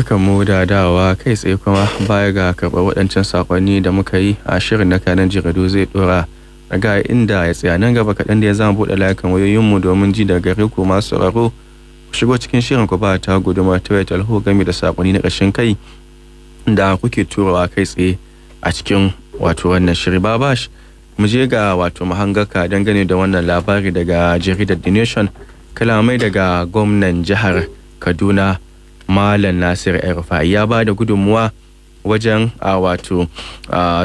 muka mu da dawa kai tsaye kuma baya ga karɓar waɗancan saƙonni da muka yi a shirin na kanan jirado zai ɗora daga inda ya tsaya nan gaba kaɗan da ya zama buɗe layukan wayoyinmu domin ji da gare ku masu sauraro ku shigo cikin shirin ku ba ta guduma ta wayar talho game da saƙonni na ƙarshen kai da kuke turawa kai tsaye a cikin wato wannan shiri babash mu je ga wato mahangaka dangane da wannan labari daga jaridar the nation kalamai daga gwamnan jihar kaduna malam nasir erfa'i ya ba da gudunmuwa wajen a wato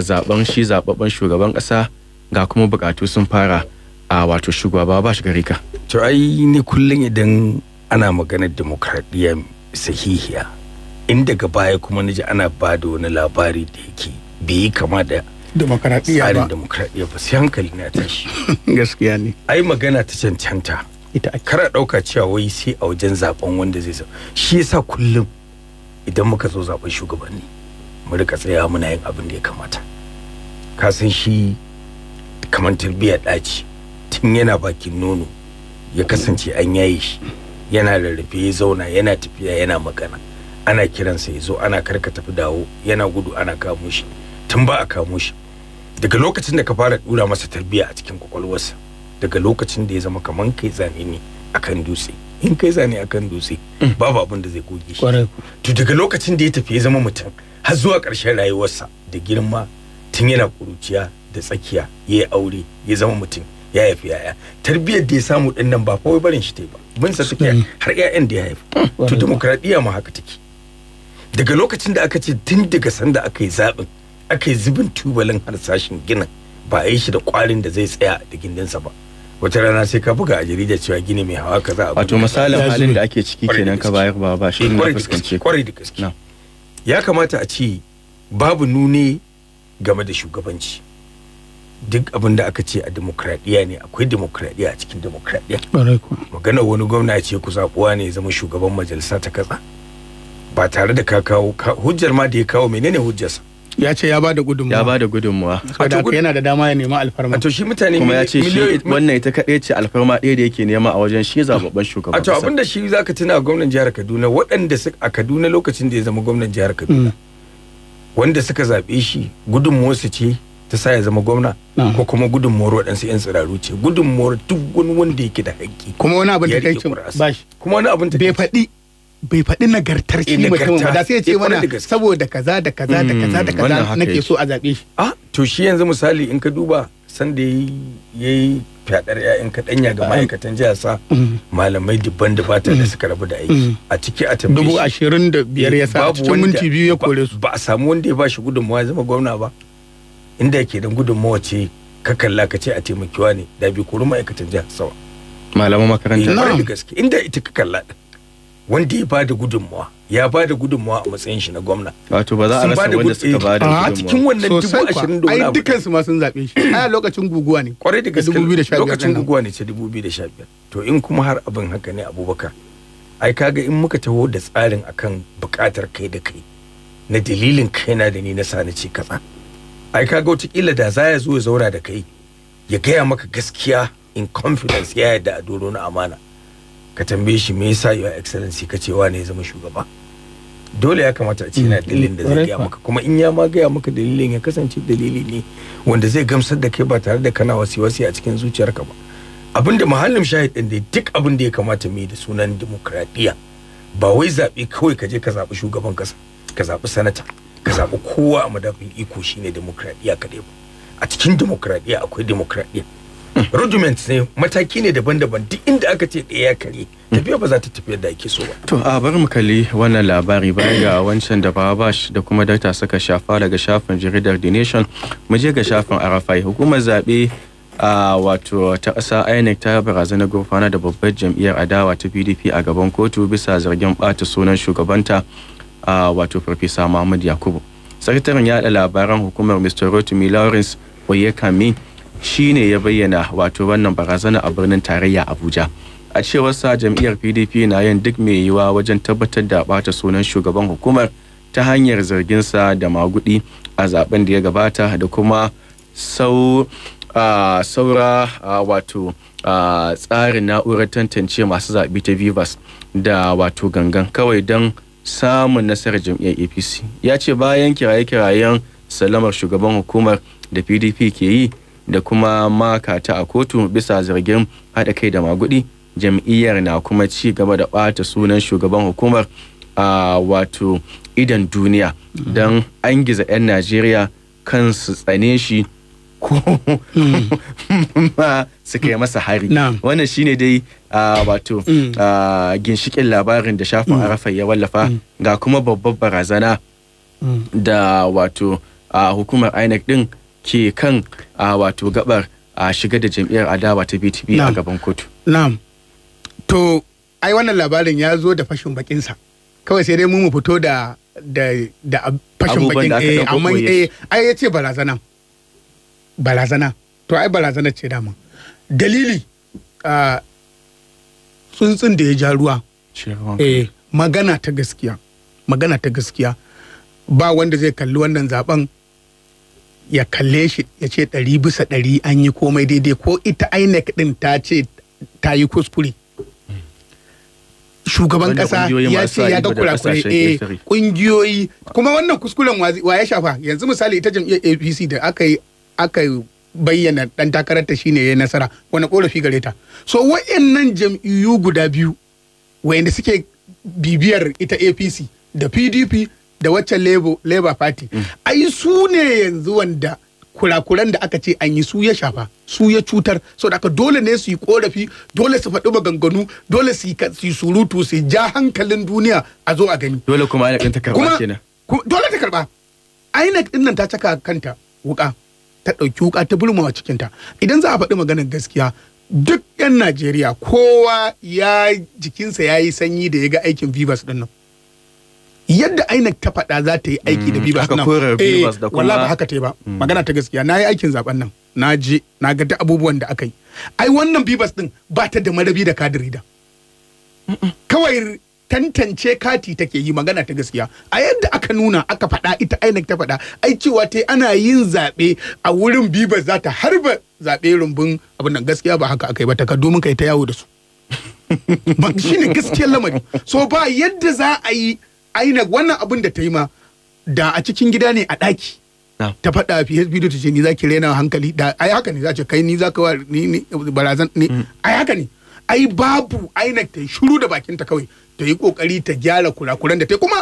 zaben shi zababben shugaban ƙasa ga kuma bukatu sun fara a wato shugaba ba shi gari ka to ai ni kullum idan ana maganar demokradiyya sahihiya in daga baya kuma naji ana ba da wani labari da yake bai yi kama da demokradiyya ba tsarin demokradiyya ba sai hankali na tashi gaskiya ne ai magana ta cancanta ita a kara ɗauka cewa wai sai a wajen zaben wanda zai zo shi yasa kullum idan muka zo zaben shugabanni mu rika tsaya muna yin abin da ya kamata ka san shi kamar tarbiyyar ɗaci tun yana bakin nono ya kasance an yaye shi yana rarrafe ya zauna yana tafiya yana magana ana kiransa ya zo ana karka tafi dawo yana gudu ana kamo shi tun ba a kamo shi daga lokacin da ka fara dura masa tarbiyya a cikin kwakwalwarsa daga lokacin da ya zama kaman kai zane ne akan dutse in kai zane akan dutse mm. babu abin da zai goge shi to daga lokacin da ya tafi ya zama mutum har zuwa ƙarshen rayuwarsa da girma tun yana kuruciya da tsakiya ya yi aure ya zama mutum ya haifi yaya tarbiyyar da ya samu din nan ba kawai barin shi ta ba bin sa suke har yayan da ya haifi mm, to demokradiyya ma haka take daga lokacin da aka ce tun daga sanda aka yi zaɓin aka yi zubin tubalin harsashin ginin ba a yi shi da kwarin da zai tsaya da gindinsa ba wata rana sai ka buga a jarida cewa gini mai hawa kaza a wato misalin halin da ake ciki kenan ka bayar ba ba shi na fuskance kwarai da gaske ya kamata a ce babu nune game da shugabanci duk abin da aka ce a demokradiyya ne akwai demokradiyya a cikin demokradiyya magana wani gwamna ce ku kuwa ne zama shugaban majalisa ta kasa ba tare da ka kawo hujjar ma da ya kawo menene hujjarsa ya ce ya bada gudunmuwa ya bada gudunmuwa saboda haka yana da dama ya nema alfarma to shi mutane kuma ya ce shi wannan ita kaɗai ce alfarma ɗaya da yake nema a wajen shi zababban shugaban kasa a to abinda shi zaka tuna gwamnan jihar Kaduna waɗanda su a Kaduna lokacin da ya zama gwamnan jihar Kaduna mm. wanda suka zaɓe shi su ce ta sa ya zama gwamna ko kuma gudunmuwar waɗansu 'yan tsiraru ce gudunmuwar duk wani wanda yake da haƙƙi kuma wani abin da kai ba shi kuma wani abin da bai faɗi bai faɗi nagartar shi mutumin eh, ba eh, da sai ce mana saboda kaza da kaza da kaza da mm, kaza nake so a zaɓe shi ah to shi yanzu misali in ka duba san da yayi fyaɗar ƴaƴan kaɗanya ga ma'aikatan jihar sa mm. malamai dubban da fata da mm. suka rabu da aiki a ciki a tambaye dubu ashirin da biyar eh, ya sa cikin minti biyu ya kore su ba a samu wanda ya ba shi gudunmawa ya zama gwamna ba inda yake da gudunmawa ce ka kalla ka ce a taimakiwa ne da bi kori ma'aikatan jihar sawa malaman makaranta da gaske inda ita ka kalla din wanda ya bada gudunmawa ya bada gudunmawa a matsayin shi na gwamna wato ba za a rasa wanda suka bada gudunmawa a cikin wannan dubu ashirin da wani abu dukkan su ma sun zabe shi a lokacin guguwa ne kwarai da gaske lokacin guguwa ne ce dubu biyu da sha biyar to in kuma har abin haka ne abubakar ai kaga in muka taho da tsarin akan bukatar kai da kai na dalilin kaina da ni na sa na ce kaza ai kaga wataƙila da za ya zo ya zaura da kai ya gaya maka gaskiya in confidence ya yadda a doro na amana ka tambaye shi me yasa your excellency ka ce wane ya zama shugaba dole ya kamata a ce yana dalilin da zai gaya maka kuma in ya ma gaya maka dalilin ya kasance dalili ne wanda zai gamsar da kai ba tare da kana wasi wasi a cikin zuciyarka ba abin da muhallin shahid din da duk abin da ya kamata mu yi da sunan demokradiya ba wai zaɓe kawai ka je ka zaɓi shugaban kasa ka zaɓi sanata ka zaɓi kowa a madafin iko shine demokradiya kaɗai ba a cikin demokradiya akwai demokradiya rudiments ne mataki ne daban-daban duk inda aka ce ɗaya ya kare tafiya ba za ta tafiya da ake so ba. To a bari mu kalli wannan labari bayan ga wancan da Babash da kuma data suka shafa daga shafin jaridar The Nation mu je ga shafin Arafai hukumar zaɓe a wato ta ƙasa INEC ta barazana gurfana da babbar jam'iyyar adawa ta PDP a gaban kotu bisa zargin ɓata sunan shugabanta a wato Farfesa Muhammad Yakubu. Sakataren yaɗa labaran hukumar Mr. Rotimi Lawrence Oyekami shine ya bayyana wato wannan barazana a birnin tarayya abuja a cewar sa jam'iyyar pdp na yin duk mai yiwa wajen tabbatar da bata sunan shugaban hukumar ta hanyar zarginsa da magudi a zaben da ya gabata da kuma sau Uh, saura uh, wato uh, tsarin na'urar tantance masu zaɓi ta vivas da wato gangan kawai don samun nasarar jam'iyyar apc ya ce bayan kiraye-kirayen salamar shugaban hukumar da pdp ke yi da kuma maka ta a kotu bisa zargin haɗa kai da magudi jam'iyyar na kuma ci gaba da ɓata sunan shugaban hukumar a wato idan duniya mm-hmm. don an giza 'yan najeriya kan su tsane shi ko mm. ma su kai masa hari wannan shine dai wato mm. ginshikin labarin da shafin mm. arafa ya wallafa ga kuma babbar barazana da wato hukumar inec din ke kan wato gabar a shiga da jam'iyyar adawa ta BTB a gaban kotu. Na'am. To ai wannan labarin ya zo da fashin bakinsa. Kawai sai dai mu mu fito da da da fashin bakin eh amma eh ai yace barazana. Barazana. To ai barazana ce dama. Dalili a tsuntsun da ya ja ruwa. Eh magana ta gaskiya. Magana ta gaskiya. Ba wanda zai kalli wannan zaben ya kalle shi ya ce ɗari bisa ɗari an yi komai daidai ko ita INEC ɗin ta ce ta yi kuskure. Shugaban ƙasa ya ce ya ga kurakurai a eh, ƙungiyoyi kuma wannan kuskuren wa ya shafa yanzu misali ita jam'iyyar APC da aka yi aka bayyana ɗan takararta shine ya yi nasara wani ƙorafi gare ta. So wa'annan jam'iyyu guda biyu wayanda suke bibiyar ita APC da PDP da waccan labour party mm. ai su ne yanzu wanda kurakuran da aka ce an yi su ya shafa su ya cutar so da aka dole ne su yi korafi dole su faɗi maganganu dole su yi surutu su ja hankalin duniya a zo a gani dole kuma ainihin ta karɓa. kenan dole ta karɓa. ainihin nan ta caka kanta wuka ta ɗauki wuka ta burma a cikinta idan za a faɗi maganar gaskiya duk 'yan najeriya kowa ya jikinsa ya yi sanyi da ya ga aikin vivas ɗin nan yadda INEC ta faɗa za ta yi aiki da mm, bibas nan eh wallahi ba haka ta ba mm. magana ta gaskiya na yi aikin zaben nan na je na ga duk abubuwan da aka yi ai wannan bibas din ba ta da marabi da kadiri da kawai tantance kati take yi magana ta gaskiya a yadda aka nuna aka faɗa ita INEC ta faɗa ai cewa ta ana yin zaɓe a wurin bibas za ta harba zaɓe rumbun abin nan gaskiya ba haka aka yi ba ka domin kai ta yawo da su ba shine gaskiyar lamari so ba yadda za a yi INEC wannan abin da ta yi ma da a cikin gida ne a ɗaki. ta faɗa PSP ta ce ni za ki rena hankali da ai haka ne za ce kai ni za ka ni barazan ne mm. ai haka ne ai babu INEC ta yi shiru da bakin ta kawai ta yi kokari ta gyara kurakuran da ta kuma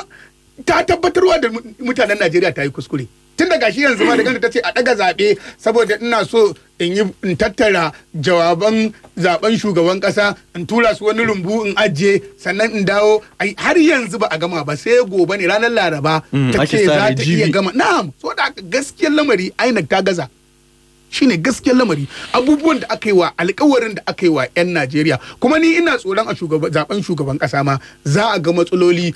ta tabbatarwa da mutanen Najeriya ta yi kuskure. tun daga shi yanzu ma da ta tace a daga zaɓe saboda ina so in yi in tattara jawaban zaben shugaban kasa in tura su wani rumbu in ajiye sannan in dawo har yanzu ba a gama ba sai gobe ne ranar laraba mm, ta za ta iya gama na'am so da gaskiyar lamari INEC ta gaza shine gaskiyar lamari abubuwan da aka yi wa alkawarin da aka yi wa 'yan najeriya kuma ni ina tsoron a zaben shugaban kasa ma za a ga matsaloli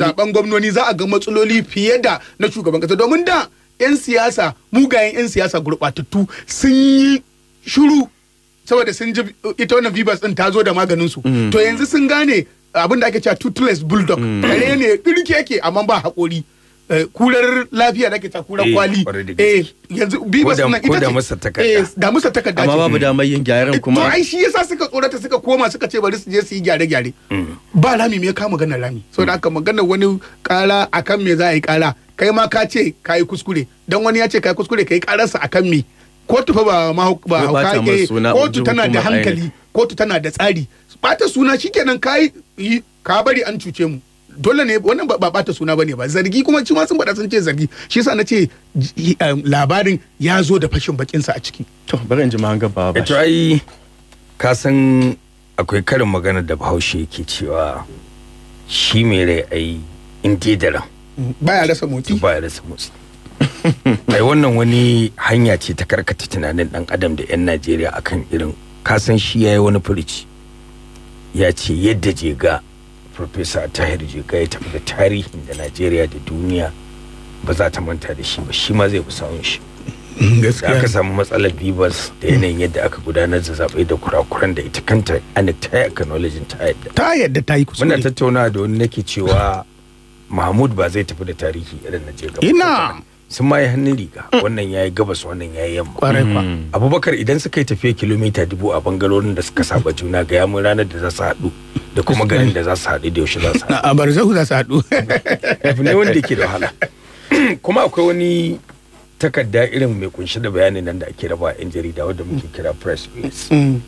zaben gwamnoni za a ga matsaloli fiye da na shugaban kasa domin da 'yan siyasa mugayen 'yan siyasa gurɓatattu sun yi shuru saboda sun ji ita wannan vibas din ta zo da maganin su mm. to yanzu sun gane abin da ake cewa toothless bulldog mm. kare ne kirki yake amma ba hakori. Eh, kurar lafiya da ke ta kurar eh, kwali eh yanzu bibas suna ita da musa takarda eh, da musa takarda amma babu damar yin gyaran kuma to ai shi yasa suka tsorata suka koma suka ce bari su je su yi gyare gyare mm. ba rami me ka magana lami. So da mm. aka magana wani kara akan me za a yi kara kai ma ka ce ka yi kuskure dan wani ya ce ka yi kuskure ka yi kararsa akan me kotu fa ba ma ba Ko kotu tana da hankali kotu tana da tsari bata suna shikenan kai ka bari an cuce mu dole ne wannan ba bata suna bane ba zargi kuma shi ma sun faɗa sun ce zargi shi yasa na ce eh, labarin ya zo da fashin bakin sa a ciki to bari in ji mahanga ba ba eh, to ai ka san akwai karin magana da bahaushe yake cewa shi mai rai ai in da ran mm, baya rasa motsi baya rasa motsi ai wannan wani hanya ce ta karkata tunanin dan adam da yan Najeriya akan irin ka san shi yayi wani furici ya ce yadda ga. Professor Tahir Jeka ya tafi da tarihin da Najeriya da duniya ba za ta manta da shi ba shi ma zai fi shi. Mm, gaskiya. aka samu matsalar bibas da yanayin yadda aka gudanar da zaɓe da kurakuran da ita kanta ana ta yi acknowledging ta yadda. Ta yadda ta yi kuskure. Muna tattaunawa da wani nake cewa Mahmud ba zai tafi da tarihi irin na Najeriya. Ina. sun ma yi hannun riga wannan ya yi gabas wannan ya yi yamma kwarai kwa mm. abubakar idan suka yi tafiya kilomita dubu a bangarorin da suka saba juna ga yamun ranar da za su haɗu da kuma garin da za su haɗu da yaushe za su haɗu a barzahu za su haɗu abu ne wanda ke da wahala kuma akwai wani takarda irin mai kunshi da bayani nan da ake raba yan jarida wadda muke kira press release mm.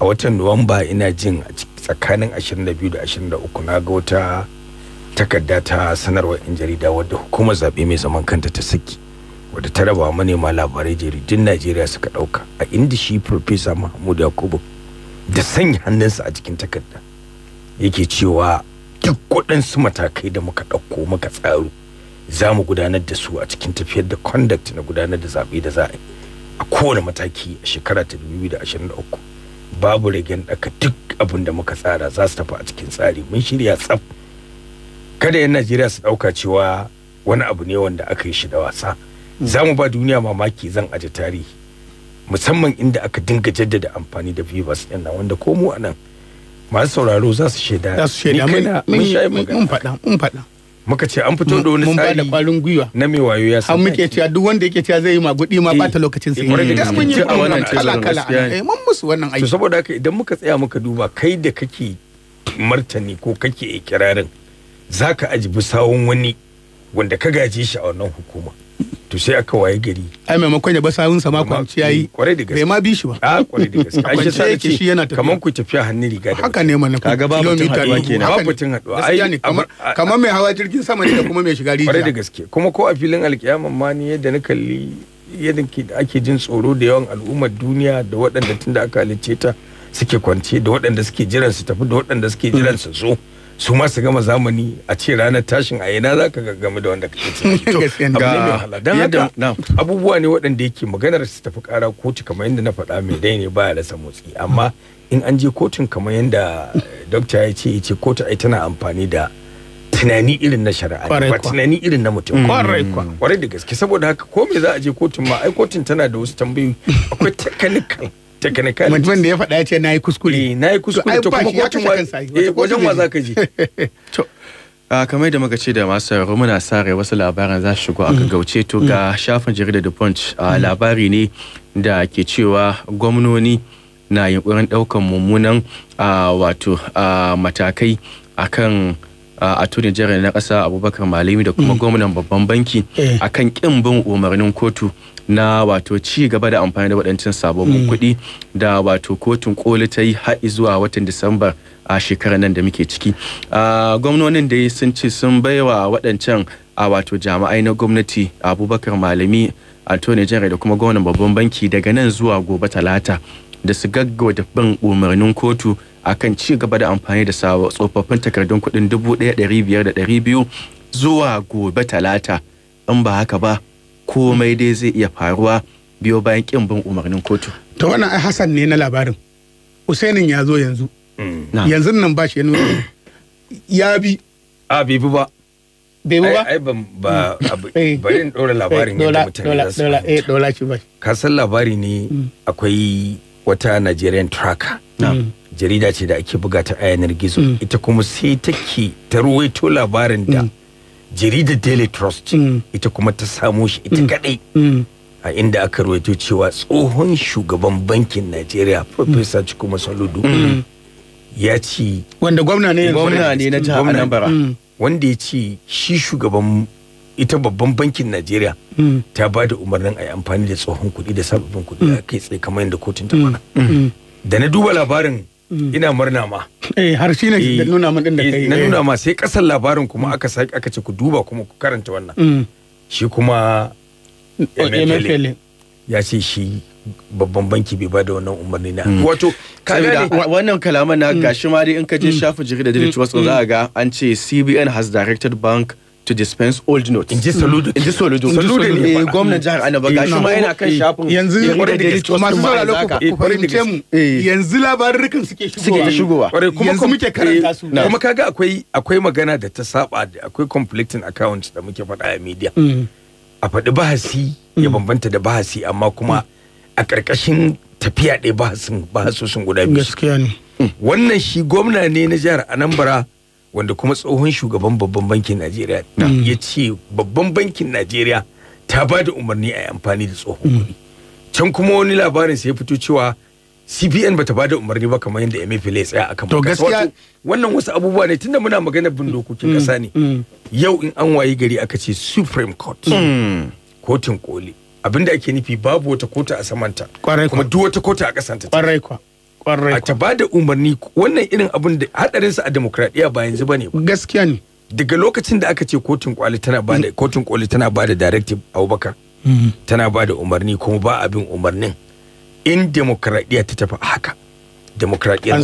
a watan nuwamba ina jin tsakanin 22 da 23 na ga wata takarda ta sanarwar yan jarida wadda hukumar zaɓe mai zaman kanta ta saki wadda ta raba manema labarai jaridun najeriya suka ɗauka a inda shi farfesa mahmud yakubu da sanya hannunsa a cikin takarda yake cewa duk waɗansu matakai da muka ɗauko muka tsaro za mu gudanar da su a cikin tafiyar da conduct na gudanar da zaɓe da za a yi a kowane mataki a shekara ta 2023 babu ragen ɗaka duk abin da muka tsara za su tafi a cikin tsari mun shirya tsaf kada 'yan najeriya su ɗauka cewa wani abu ne wanda aka yi shi da wasa za mu ba duniya mamaki zan aje tarihi musamman inda aka dinga jaddada amfani da vivas ɗin nan wanda ko mu a nan masu sauraro za su shaida za su shaida mun shayi mun faɗa mun faɗa muka ce an fito da wani tsari mun ba da gwiwa na mai wayo ya san muke cewa duk wanda yake cewa zai yi magudi ma ba eh, ta lokacin sai mun ga mun yi wannan kala kala eh mun musu wannan aiki to saboda haka idan muka tsaya muka duba kai da kake martani ko kake ikirarin za ka aji bisawun wani wanda ka gaji shi a wannan hukuma to sai aka waye gari ai maimakon ya eh, ba sawun ah, sa ma kwanci yayi kwarai da gaske bai ma bi shi ba a kwarai da gaske ai sai yake shi yana tafiya kaman ku tafiya hannu riga da haka ne mana kaga ba mutum haduwa kenan ba mutum haduwa ai kaman mai hawa jirgin sama ne da kuma mai shiga rijiya kwarai da gaske kuma ko a filin alkiyama ma ni yadda na kalli yadda ake jin tsoro da yawan al'ummar duniya da waɗanda tunda aka halicce ta suke kwance da waɗanda suke jiran su tafi da waɗanda suke jiran su zo su ma su gama zamani a ce ranar tashin a yana za ka game da wanda kake yadda abubuwa ne waɗanda yake maganar su tafi ƙara kotu kamar yadda na faɗa mai dai ne baya rasa motsi amma in an je kotun kamar yadda dokta ya ce ce kotu ai tana amfani da tunani irin na shari'a ba tunani irin na mutum mm. kwarai kwa kwarai da gaske saboda haka ko me za a je kotun ma ai kotun tana da wasu tambayoyi akwai technical technical mutum da ya faɗa ya ce nayi kuskure eh nayi kuskure to kuma ko eh, wajen wa zaka je to a kamar da muka ce da masu sauraro muna sa wasu labaran za su shigo a mm. gaggauce to mm. ga shafin jirida da punch mm. labari ne da ke cewa gwamnoni na yunkurin daukan mummunan wato matakai akan a tuni jihar na ƙasa abubakar malami da kuma gwamnan babban banki eh. akan kin bin umarnin kotu na wato ci gaba da amfani da waɗancan sababbin mm. kuɗi da wato kotun koli ta yi haɗi zuwa watan disamba a shekarar nan da muke ciki gwamnonin da sun ce sun baiwa waɗancan a wato jami'ai na gwamnati abubakar malami antoni jenrai da kuma gwamnan babban banki daga nan zuwa gobe talata da su da bin umarnin kotu akan ci gaba da amfani da tsofaffin takardun kuɗin dubu ɗaya ɗari biyar da ɗari biyu zuwa gobe talata in ba haka ba komai dai zai iya faruwa biyo bayan kin bin umarnin kotu to wannan ai Hassan ne na labarin Usainin ya zo yanzu mm. yanzu nan ba shi ya bi a bi ba bai ba ai ban ba mm. eh. bari in dora labarin eh, yadda mutane za su dola eh, shi ba ka san labari ne mm. akwai wata Nigerian tracker jarida ce da ake buga ta a yanar gizo ita kuma sai take ta ruwaito labarin da jaridar daily trust mm. ita kuma ta samo shi ita mm. kadai mm. a inda aka rawaito cewa tsohon shugaban bankin najeriya professor chukwuma saludu ya ci wanda gwamna ne gwamna ne na jihar anambra wanda ya ce shi shugaban ita babban bankin najeriya ta ba da umarnin a yi amfani da tsohon kuɗi da sababbin kuɗi a kai tsaye kamar yadda kotun ta da na duba labarin Mm. ina murna ma eh har shi ne eh, da nuna min din da eh, kai na nuna eh. ma sai kasar labarin kuma aka saki aka ce ku duba kuma ku karanta wannan mm. shi kuma oh, MFL ya ce shi babban banki bai bada wannan umarni na mm. wato wannan kalaman na gashi ma dai in ka je shafin jirgin da digital trust za ga an ce CBN has directed bank to dispense old notes. In ji Saludu. In ji Saludu. Saludu ne gwamnan jihar Annaba eh, ga shi ma eh, yana kan eh, shafin yanzu masu sauraro ku fahimce mu yanzu labarin labarukan suke shigowa. Suke shigowa. Kuma kuma muke karanta su. Kuma kaga akwai akwai magana da ta saba da akwai conflicting accounts da muke faɗa a media. Mm. A faɗi bahasi ya mm. bambanta da bahasi amma kuma mm. a ƙarƙashin tafiya ɗaya bahasin bahasosin guda biyu. Gaskiya ne. Wannan shi gwamna ne na jihar Anambra. wanda kuma tsohon shugaban babban bankin najeriya mm. ya ce babban bankin najeriya ta ba da umarni a yi amfani da tsohon mm. kuɗi can kuma wani labarin sai ya fito cewa cbn bata ba da umarni ba kamar yadda MFA ya tsaya kan to gaskiya wannan wasu abubuwa ne tunda muna magana bin dokokin mm. ƙasa ne yau in an wayi gari aka ce supreme court kotun koli abinda ake nufi babu wata kota a samanta Kwarai kuma duk wata kota a kasanta kwarai kwa a ta ba da umarni wannan irin abin da sa a demokradiyya ba yanzu bane ba gaskiya ne daga lokacin da aka ce kotun kwali tana ba da mm. kotun kwali tana ba da directive abubakar mm-hmm. tana ba da umarni kuma ba abin umarnin in demokradiyya ta tafi haka demokradiyya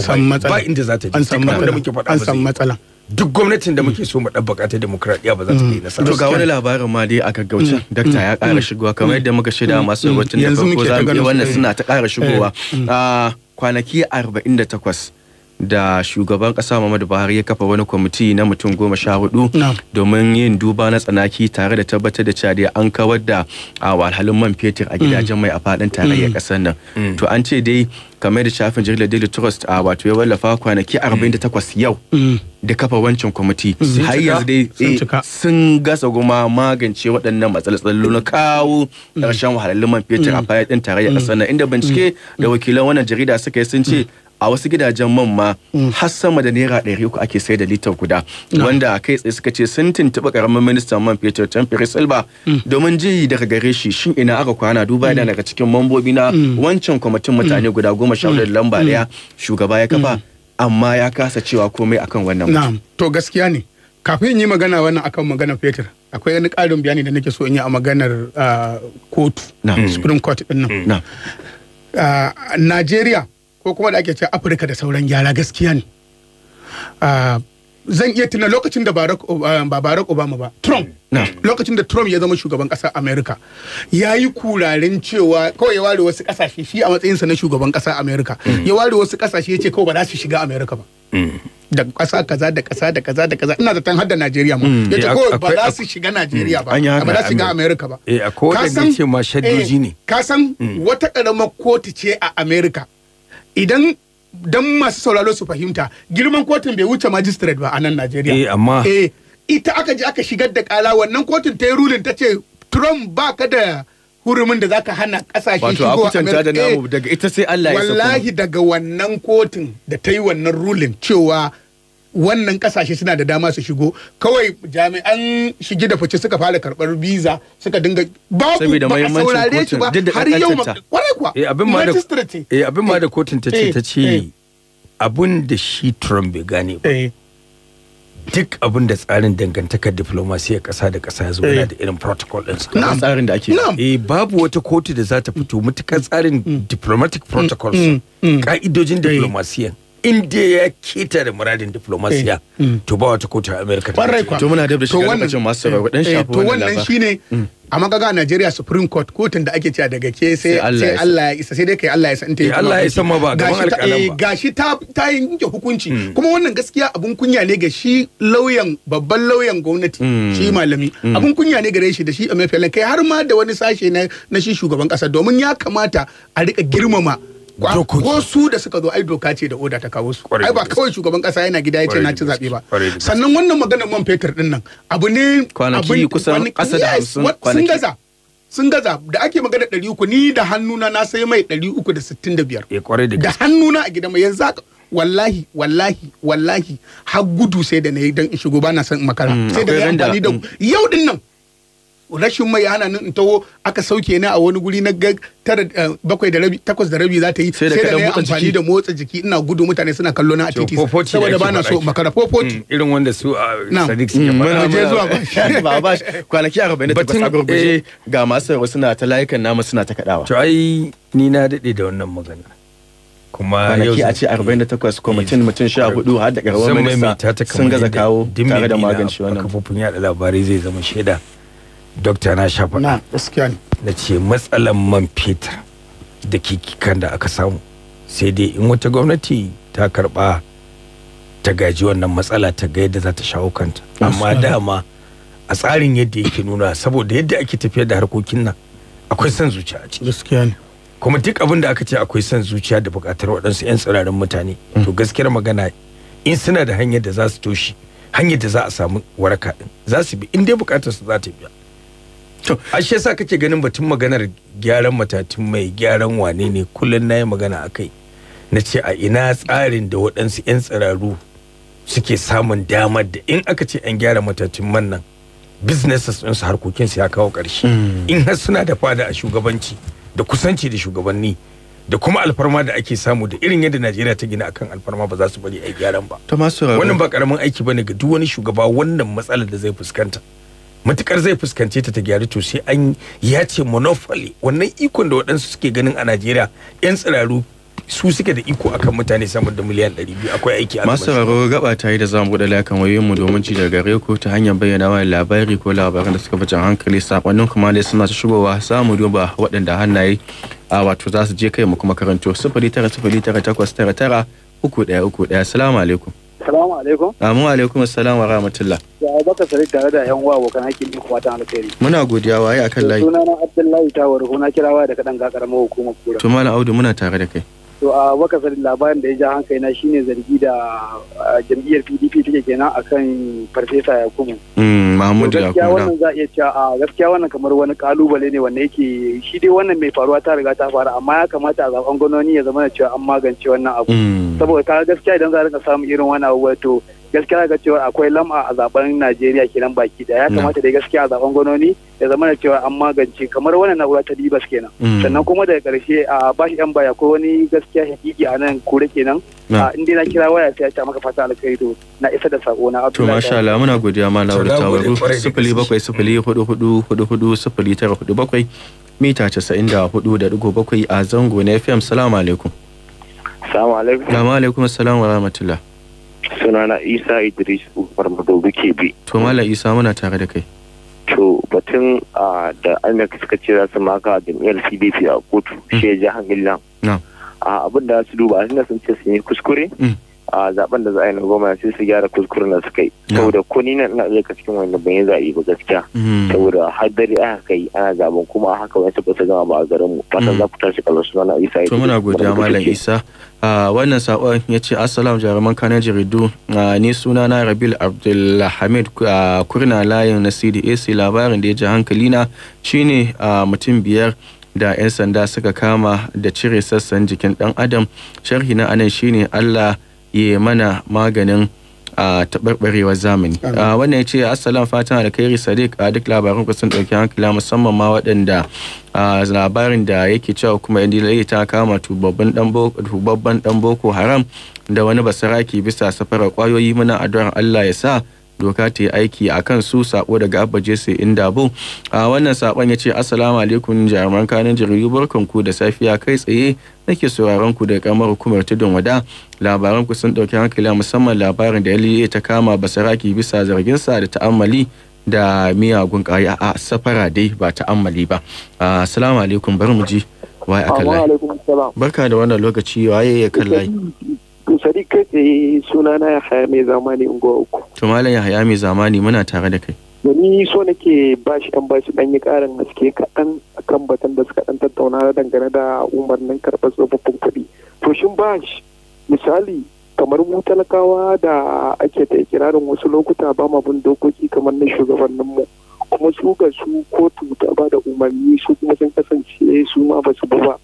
ba inda za ta je an san matsala an samu matsala duk gwamnatin da mm. muke so mu ɗabbaka ta demokradiyya ba za ta mm. yi nasara. To ga wani labarin ma dai a gauce dakta ya ƙara shigowa kamar yadda muka shaida masu rubutun da farko za mu iya wannan suna eh. ta ƙara shigowa. Eh. Ah, kwanaki 48 da shugaban kasa Muhammadu Buhari ya kafa wani kwamiti na mutum goma sha hudu domin yin duba na tsanaki tare da tabbatar da cewa an kawar da wahalhalun man fetur a gidajen mm. mai a faɗin tarayyar kasar mm. nan. Mm. To an ce dai kamar da shafin jaridar Daily Trust a wato ya wallafa kwanaki 48 yau da kafa wancan kwamiti har yanzu dai sun eh, gasa goma magance waɗannan matsalolin na kawo ƙarshen wahalhalun man fetur a faɗin tarayyar kasar nan inda bincike da wakilan wannan jarida suka yi sun ce a wasu gidajen man ma mm. har sama da naira ɗari uku ake sayar da litar guda wanda kai tsaye suka ce sun tuntuɓi ƙaramin ministan man fetur tamfiri silba mm. domin ji daga gare shi shin ina aka kwana duba yana mm. daga cikin mambobi na wancan kwamitin mutane guda goma sha da lamba ɗaya shugaba ya kafa amma ya kasa cewa komai akan wannan na'am to gaskiya ne kafin yi magana wannan akan magana fetur akwai wani ƙarin bayani da nake so in yi a maganar ah, kotu supreme court ɗin nan ah, najeriya ko kuma da ake cewa afirka da sauran gyara gaskiya ne ah, zan iya tuna lokacin da Barack ah, ba Barack Obama ba Trump lokacin da Trump ya zama shugaban ƙasar Amerika ya yi kurarin cewa kawai ya ware wasu ƙasashe shi a matsayinsa na shugaban ƙasar Amerika mm. ya ware wasu ƙasashe ya ce kawai ba za su shiga Amerika ba mm. da ƙasa kaza da kasa da kaza da kaza ina zaton har da Najeriya ma mm. ya ce eh, kawai ba za su shiga Najeriya ba ba za su shiga Amerika ba eh ce ma shaddoji eh, ne ka san wata karamar kotu ce a Amerika idan dan masu sauraro su fahimta girman kotun bai wuce magistrate ba a nan Najeriya. Eh amma. Eh ita aka ji aka shigar da kala wannan kotun ta yi rulin ta ce Trump ba ka da hurumin da zaka hana kasashe shigo Wato da namu eh, daga ita sai Allah ya Wallahi daga wannan kotun da ta yi wannan rulin cewa wannan kasashe suna da dama su shigo kawai jami'an shige da fice suka fara karbar visa suka dinga ba ku ba a saurare shi ba har yau kwarai kuwa eh abin ma da eh, eh, kotun ta ce eh, ta ce abun da shi Trump bai gane ba duk abin da tsarin dangantakar diplomasiyyar ƙasa da ƙasa ya zo yana da irin protocol ɗinsa. Na tsarin da ake. Eh babu wata kotu da za ta fito mutukar tsarin mm. diplomatic mm. protocols mm. ka'idojin diplomasiyan. inda ya keta da muradin diplomasiya eh, mm. to ba wata kotun amerika ta to muna da shiga lokacin masu sauraro dan eh, shafi to wannan shine mm. a magaga Najeriya Supreme Court kotun da ake cewa daga ke sai Allah ya isa sai dai kai Allah ya isa tayi eh, Allah ya isa ma ba gaban alƙalan ba gashi ta ta yanke hukunci mm. kuma wannan gaskiya abun kunya ne ga shi lauyan babban lauyan gwamnati shi malami abun kunya ne gare shi da shi MFL kai har ma da wani sashe na shi shugaban kasa domin ya kamata a rika girmama su da suka zo ai doka ce da oda ta kawo su ai ba kawai shugaban kasa yana gida ya ce na ci zaɓe ba sannan wannan maganar man fetur din nan abu ne kwanaki kusan kasa da hamsin sun gaza sun gaza da ake magana ɗari uku ni da hannuna na sai mai ɗari uku da sittin da biyar eh, da hannuna a gida mai yanzu wallahi wallahi wallahi har gudu sai da na yi don in shigo ba na son makara mm, sai da ya amfani da mm. yau din nan rashin mai ana nan taho aka sauke ni a wani guri na ga tara eh, bakwai da rabi takwas da rabi za ta yi sai da na amfani da motsa jiki ina gudu mutane suna kallo na a titi saboda ba na so makara popoti mm, irin wanda su ah, Sadiq suke mm, fara je zuwa ba ba kwanaki 48 a gurguje eh, ga masu rawa suna ta layukan namu suna ta kadawa to ai ni na dade da wannan magana kuma yau a ce 48 kwamitin eh, mutum sha hudu har da karuwar minista sun gaza kawo tare da magance wannan kafofin yada labarai zai zama shaida doctor na sha faɗa na ce matsalan man fetur da kikikan da aka samu sai dai in wata gwamnati ta karba ta gaji wannan matsala ta ga yadda za ta shawo kanta amma dama a tsarin yadda yake nuna saboda yadda ake tafiyar da harkokin nan akwai son zuciya a ciki gaskiya ne kuma duk abin da aka ce akwai son zuciya da buƙatar waɗansu 'yan tsirarin mutane mm. to gaskiyar magana in suna da hanyar da za su toshe hanyar da za a samu waraka din za su bi in dai buƙatar za ta biya a shi yasa kake ganin batun maganar gyaran matatun mai gyaran wane ne kullum na yi magana a kai na ce a ina tsarin da waɗansu 'yan tsiraru suke samun damar da in aka ce 'yan gyara matatun mannan nan businesses ɗinsu harkokinsu ya kawo ƙarshe mm. in har suna da fada a shugabanci da kusanci da shugabanni da kuma alfarma da ake samu da irin yadda Najeriya ta gina akan alfarma ba za su bari a gyaran ba. Wannan ba karamin aiki bane ga duk wani shugaba wannan matsalar da zai fuskanta. matukar zai fuskance ta ta gyaru to sai an ya ce monopoly wannan iko da waɗansu suke ganin a najeriya 'yan tsiraru su suke da iko akan mutane samun da miliyan 200 akwai aiki a masu gaba ta yi da zamu buɗe wayoyin wayoyinmu domin ci daga gare ku ta hanyar bayyana wa labari ko labaran da suka fi jan hankali sakonnin kuma ne suna ta shigowa samu duba waɗanda hannaye a wato za su je kai mu kuma karanto 0909899 uku ɗaya alaikum Assalamu alaikum. Amin alaikum assalam wa rahmatullah. Ya baka sare tare da yan uwa kan haƙi ne kuma ta alkhairi. Muna godiya waye akan layi. Sunana Abdullahi Tawar ko na kirawa daga ɗan ga karamar hukumar Kura. Tumala Audu muna tare da kai. to a wakasar labarin da ya ja hankali na shine zargi da jam'iyyar pdp take kenan akan farfesa yakubu mm, mahmud yakubu gaskiya wannan za iya cewa a gaskiya wannan kamar wani kalubale ne wanda yake shi dai wannan mai faruwa ta riga ta fara amma ya kamata a zaben gwamnoni ya zama cewa an magance wannan abu mm. saboda ka gaskiya idan za a samu samun irin wani abu to gaskiya ga cewa akwai lam'a a zaben Najeriya kenan baki daya ya mm. kamata da gaskiya a zaben gononi ya zama da cewa an magance kamar wannan na'ura ta Libas kenan mm. sannan kuma daga karshe a bashi yan baya ko wani gaskiya hakiki a nan kure kenan mm. in dai na kira waya sai ya ta maka fata alkai to na isa da sako na Abdullahi to masha Allah muna godiya ma Laura Tawaru 0704444947 mita 94.7 a zango na FM salamu alaikum salamu alaikum salamu alaikum assalamu wa rahmatullah sunana isa idris umar madobi ke bi to mala isa muna tare da kai to batun da amurka suka ce za su maka jam'iyyar cdp a kotu mm. shi ya ji hankalin abin da su duba suna sun ce sun yi kuskure mm. a zaben da za a yi na goma sai su gyara kuskuren da suka yi saboda kuni na ina zai cikin wanda ban yi zaɓe ba gaskiya hmm. saboda har dare aka kai ana zaben kuma a haka wani tabbata gama ba a garin mu fatan hmm. za ku tashi kallon suna na isa to muna godiya malam isa wannan sakon ya ce assalamu jaruman kanar jaridu ni suna na rabil abdulhamid kurna layin na cdac labarin da ya ji hankali na shine mutum biyar da 'yan sanda suka kama da cire sassan jikin dan adam sharhi na anan shine allah yi mana maganin a taɓarɓarewar zamani wannan ya ce assalam fatan alkhairi sadiq a duk labarin ku sun ɗauki hankala musamman ma waɗanda labarin da yake cewa kuma yan ta kama tubabban ɗan boko haram da wani basaraki bisa safarar ƙwayoyi muna addu'ar allah ya sa doka ta yi aiki a kan su sako daga abba jesse indabo a wannan sakon ya ce assalamu alaikum jaruman kanin jirgin barkan ku da safiya kai tsaye nake sauraron ku da kamar hukumar tudun wada labaran ku sun dauki hankali musamman labarin da LA e ta kama basaraki bisa zarginsa da ta'ammali da miyagun kaya a safara dai ba ta'ammali ba assalamu alaikum bari mu ji wai aka barka da wannan lokaci waye ya kallai sadi kai tsaye eh, suna na ya haya mai zamani unguwa uku. to malam ya haya mai zamani muna tare da kai. da ni so nake shi an shi dan yi karin haske kaɗan akan batun da suka dan tattauna da dangane da umarnin karɓar tsofaffin kuɗi to shin shi misali kamar mu talakawa da ake ta ikirarin wasu lokuta ba ma bin dokoki kamar na shugabannin mu kuma su ga su kotu ta ba da umarni su kuma sun kasance su ma ba su ba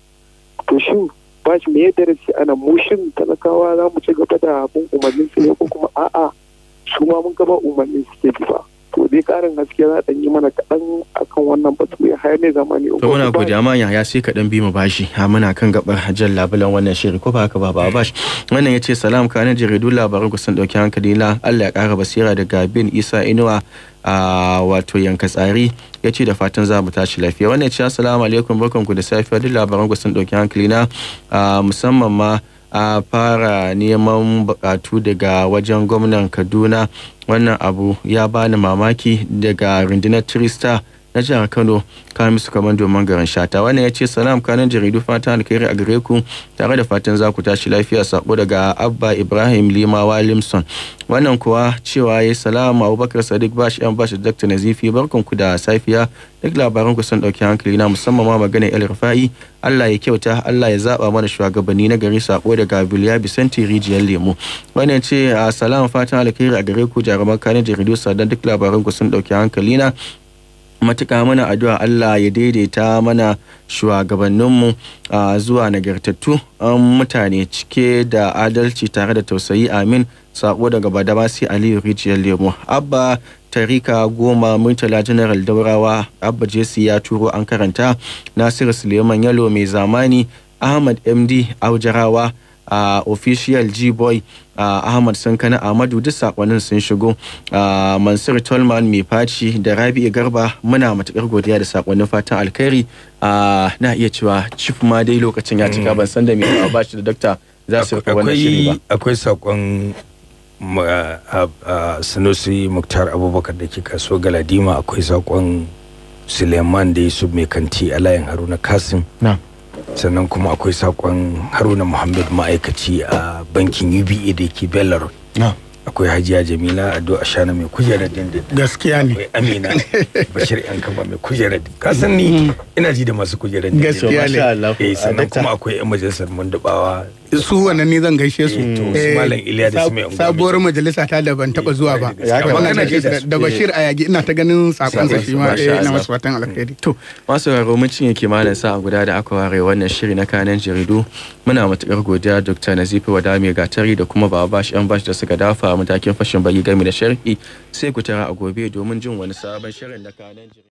to shin ba shi me darasi ana mushin talakawa za mu ci gaba da abin umarnin su ne ko kuma a'a su ma mun gaba umarnin su ke bi ba. to dai karin gaskiya za a yi mana kaɗan akan wannan batu ya haya ne zamani to muna gode amma ya haya sai kaɗan bi mu bashi A muna kan gabar jan labulan wannan shirin. ko ba haka ba ba bashi wannan ya ce salam kana jaridu labaran ku san ɗauki hankali na. Allah ya ƙara basira daga bin Isa Inuwa a wato yanka tsari ya ce da fatan za mu tashi lafiya wannan ce assalamu alaikum ku da safiya duk labaran ku sun ɗauki hankali na musamman ma a fara neman bukatu daga wajen gwamnan kaduna wannan abu ya bani mamaki daga rundunar three na jihar kano musu kaman domin garin shata wannan ya ce salam kanan jaridu fata alkhairi a gare ku tare da fatan za ku tashi lafiya sako daga abba ibrahim limawa limson wannan kuwa cewa ya salam abubakar sadiq bash yan bash dr nazifi barkan ku da safiya duk labaran ku sun dauki hankali na musamman ma magana el rufai allah ya kyauta allah ya zaba mana shugabanni na gari sako daga biliya bisanti rijiyar lemu wannan ce a salam fatan alkhairi a gare ku jaruman kanan jaridu sadan duk labaran ku sun dauki hankali na matuƙa mana addu'a Allah ya daidaita mana shugabanninmu a zuwa nagartattu an um, mutane cike da adalci tare da tausayi amin sako daga badamasi aliyu rijiyar lemo abba tarika goma murtala general daurawa abba jesi ya turo an karanta nasiru suleiman yalo mai zamani ahmad md aujarawa uh, official g-boy uh, ahmad sankana Amadu duk sakonnin sun shigo uh, mansur tolman mai faci da rabi'u garba muna matukar godiya da sakonin fatan alkhairi uh, na iya cewa cif ma dai lokacin ya cika ban san da mai ba shi da dokta za su rufe wannan shiri ba akwai sakon sanusi muktar abubakar da ke kaso galadima akwai sakon suleiman da yusuf mai kanti layin haruna kasim sannan kuma akwai sakon haruna muhammad ma'aikaci a bankin uba da ke belarus akwai hajiya jamila a do'a Shana mai kujerar dindin gaskiya ne akwai amina bashir yan kama mai kujerar dindin kasan ni mm-hmm. ina ji da masu kujerar dindin gaskiya ne eh, sannan kuma akwai yan majalisar mundubawa su wannan ni zan gaishe su mm, eh, sabuwar majalisa ta da ban taba zuwa ba da bashir eh. a yagi ina ta ganin sakon sa shi ma na eh, masu fatan alkhairi to masu raro mun cinye kimanin sa guda da aka ware wannan shiri na kanan jaridu muna matukar godiya dr nazifi wadami gatari da kuma baba bashi yan bashi da suka dafa matakin fashin bagi game da sharhi sai ku tara a gobe domin jin wani sabon shirin na kanan jaridu